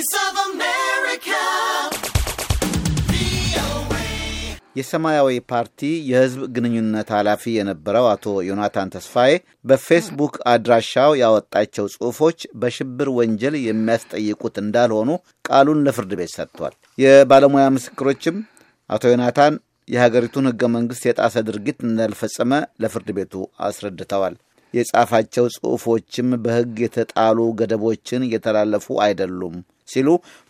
Voice of America. የሰማያዊ ፓርቲ የህዝብ ግንኙነት ኃላፊ የነበረው አቶ ዮናታን ተስፋዬ በፌስቡክ አድራሻው ያወጣቸው ጽሑፎች በሽብር ወንጀል የሚያስጠይቁት እንዳልሆኑ ቃሉን ለፍርድ ቤት ሰጥቷል። የባለሙያ ምስክሮችም አቶ ዮናታን የሀገሪቱን ህገ መንግሥት የጣሰ ድርጊት እንዳልፈጸመ ለፍርድ ቤቱ አስረድተዋል። የጻፋቸው ጽሑፎችም በሕግ የተጣሉ ገደቦችን የተላለፉ አይደሉም ሲሉ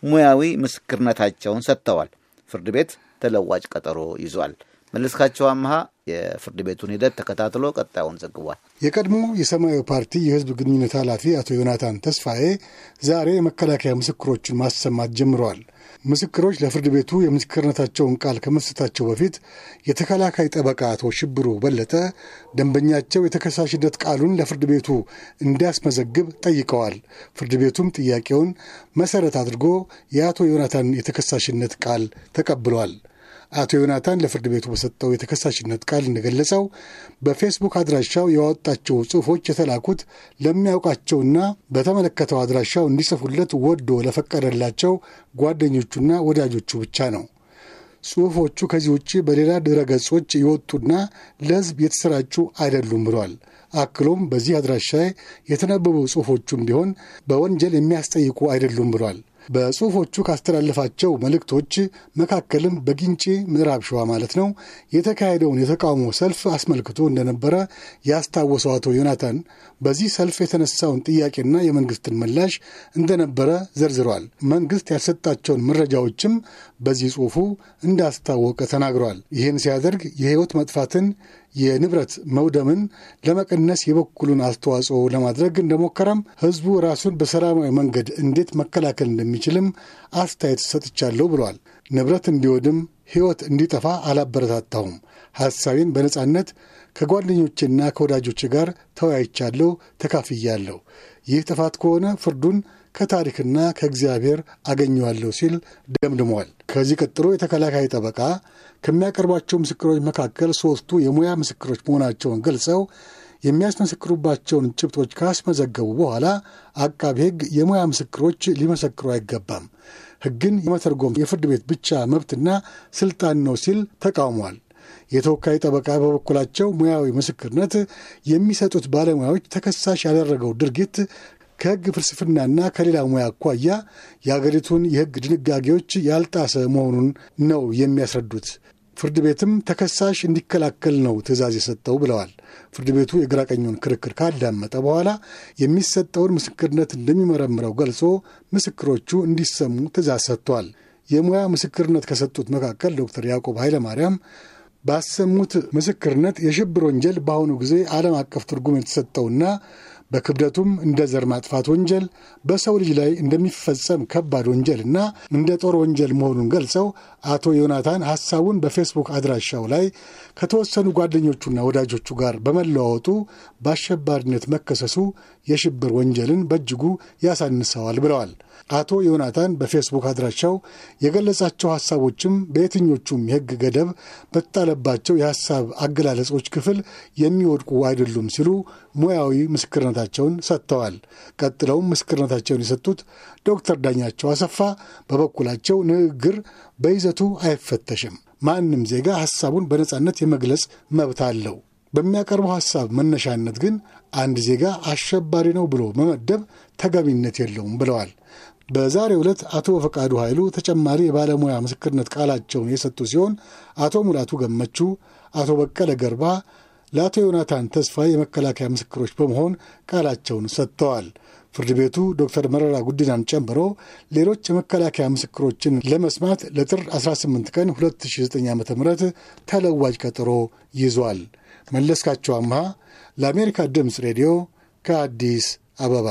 ሙያዊ ምስክርነታቸውን ሰጥተዋል። ፍርድ ቤት ተለዋጭ ቀጠሮ ይዟል። መለስካቸው አምሃ የፍርድ ቤቱን ሂደት ተከታትሎ ቀጣዩን ዘግቧል። የቀድሞ የሰማያዊ ፓርቲ የህዝብ ግንኙነት ኃላፊ አቶ ዮናታን ተስፋዬ ዛሬ የመከላከያ ምስክሮችን ማሰማት ጀምረዋል። ምስክሮች ለፍርድ ቤቱ የምስክርነታቸውን ቃል ከመስጠታቸው በፊት የተከላካይ ጠበቃ አቶ ሽብሩ በለጠ ደንበኛቸው የተከሳሽነት ቃሉን ለፍርድ ቤቱ እንዲያስመዘግብ ጠይቀዋል። ፍርድ ቤቱም ጥያቄውን መሰረት አድርጎ የአቶ ዮናታን የተከሳሽነት ቃል ተቀብሏል። አቶ ዮናታን ለፍርድ ቤቱ በሰጠው የተከሳሽነት ቃል እንደገለጸው በፌስቡክ አድራሻው ያወጣቸው ጽሑፎች የተላኩት ለሚያውቃቸውና በተመለከተው አድራሻው እንዲጽፉለት ወዶ ለፈቀደላቸው ጓደኞቹና ወዳጆቹ ብቻ ነው። ጽሑፎቹ ከዚህ ውጭ በሌላ ድረ ገጾች የወጡና ለሕዝብ የተሰራጩ አይደሉም ብሏል። አክሎም በዚህ አድራሻ የተነበቡ ጽሑፎቹም ቢሆን በወንጀል የሚያስጠይቁ አይደሉም ብሏል። በጽሁፎቹ ካስተላለፋቸው መልእክቶች መካከልም በጊንጪ ምዕራብ ሸዋ ማለት ነው የተካሄደውን የተቃውሞ ሰልፍ አስመልክቶ እንደነበረ ያስታወሰው አቶ ዮናታን በዚህ ሰልፍ የተነሳውን ጥያቄና የመንግስትን ምላሽ እንደነበረ ዘርዝሯል። መንግስት ያልሰጣቸውን መረጃዎችም በዚህ ጽሁፉ እንዳስታወቀ ተናግሯል። ይህን ሲያደርግ የህይወት መጥፋትን የንብረት መውደምን ለመቀነስ የበኩሉን አስተዋጽኦ ለማድረግ እንደሞከረም፣ ህዝቡ ራሱን በሰላማዊ መንገድ እንዴት መከላከል እንደሚችልም አስተያየት ሰጥቻለሁ ብሏል። ንብረት እንዲወድም ሕይወት እንዲጠፋ አላበረታታሁም። ሐሳቤን በነጻነት ከጓደኞቼና ከወዳጆቼ ጋር ተወያይቻለሁ፣ ተካፍያለሁ። ይህ ጥፋት ከሆነ ፍርዱን ከታሪክና ከእግዚአብሔር አገኘዋለሁ ሲል ደምድሟል። ከዚህ ቀጥሎ የተከላካይ ጠበቃ ከሚያቀርቧቸው ምስክሮች መካከል ሦስቱ የሙያ ምስክሮች መሆናቸውን ገልጸው የሚያስመሰክሩባቸውን ጭብጦች ካስመዘገቡ በኋላ አቃቢ ሕግ የሙያ ምስክሮች ሊመሰክሩ አይገባም፣ ሕግን የመተርጎም የፍርድ ቤት ብቻ መብትና ስልጣን ነው ሲል ተቃውሟል። የተወካይ ጠበቃ በበኩላቸው ሙያዊ ምስክርነት የሚሰጡት ባለሙያዎች ተከሳሽ ያደረገው ድርጊት ከህግ ፍልስፍናና ከሌላ ሙያ አኳያ የአገሪቱን የህግ ድንጋጌዎች ያልጣሰ መሆኑን ነው የሚያስረዱት። ፍርድ ቤትም ተከሳሽ እንዲከላከል ነው ትዕዛዝ የሰጠው ብለዋል። ፍርድ ቤቱ የግራ ቀኙን ክርክር ካዳመጠ በኋላ የሚሰጠውን ምስክርነት እንደሚመረምረው ገልጾ ምስክሮቹ እንዲሰሙ ትዕዛዝ ሰጥቷል። የሙያ ምስክርነት ከሰጡት መካከል ዶክተር ያዕቆብ ኃይለማርያም ባሰሙት ምስክርነት የሽብር ወንጀል በአሁኑ ጊዜ ዓለም አቀፍ ትርጉም የተሰጠውና በክብደቱም እንደ ዘር ማጥፋት ወንጀል በሰው ልጅ ላይ እንደሚፈጸም ከባድ እና እንደ ጦር ወንጀል መሆኑን ገልጸው አቶ ዮናታን ሐሳቡን በፌስቡክ አድራሻው ላይ ከተወሰኑ ጓደኞቹና ወዳጆቹ ጋር በመለዋወጡ በአሸባሪነት መከሰሱ የሽብር ወንጀልን በእጅጉ ያሳንሰዋል ብለዋል። አቶ ዮናታን በፌስቡክ አድራሻው የገለጻቸው ሐሳቦችም በየትኞቹም የሕግ ገደብ በተጣለባቸው የሐሳብ አገላለጾች ክፍል የሚወድቁ አይደሉም ሲሉ ሙያዊ ምስክርነታቸውን ሰጥተዋል። ቀጥለውም ምስክርነታቸውን የሰጡት ዶክተር ዳኛቸው አሰፋ በበኩላቸው ንግግር በይዘቱ አይፈተሽም ማንም ዜጋ ሐሳቡን በነጻነት የመግለጽ መብት አለው። በሚያቀርበው ሐሳብ መነሻነት ግን አንድ ዜጋ አሸባሪ ነው ብሎ መመደብ ተገቢነት የለውም ብለዋል። በዛሬ ዕለት አቶ ፈቃዱ ኃይሉ ተጨማሪ የባለሙያ ምስክርነት ቃላቸውን የሰጡ ሲሆን አቶ ሙላቱ ገመቹ፣ አቶ በቀለ ገርባ ለአቶ ዮናታን ተስፋ የመከላከያ ምስክሮች በመሆን ቃላቸውን ሰጥተዋል። ፍርድ ቤቱ ዶክተር መረራ ጉዲናን ጨምሮ ሌሎች የመከላከያ ምስክሮችን ለመስማት ለጥር 18 ቀን 2009 ዓ ም ተለዋጅ ቀጠሮ ይዟል። መለስካቸው አምሃ ለአሜሪካ ድምፅ ሬዲዮ ከአዲስ አበባ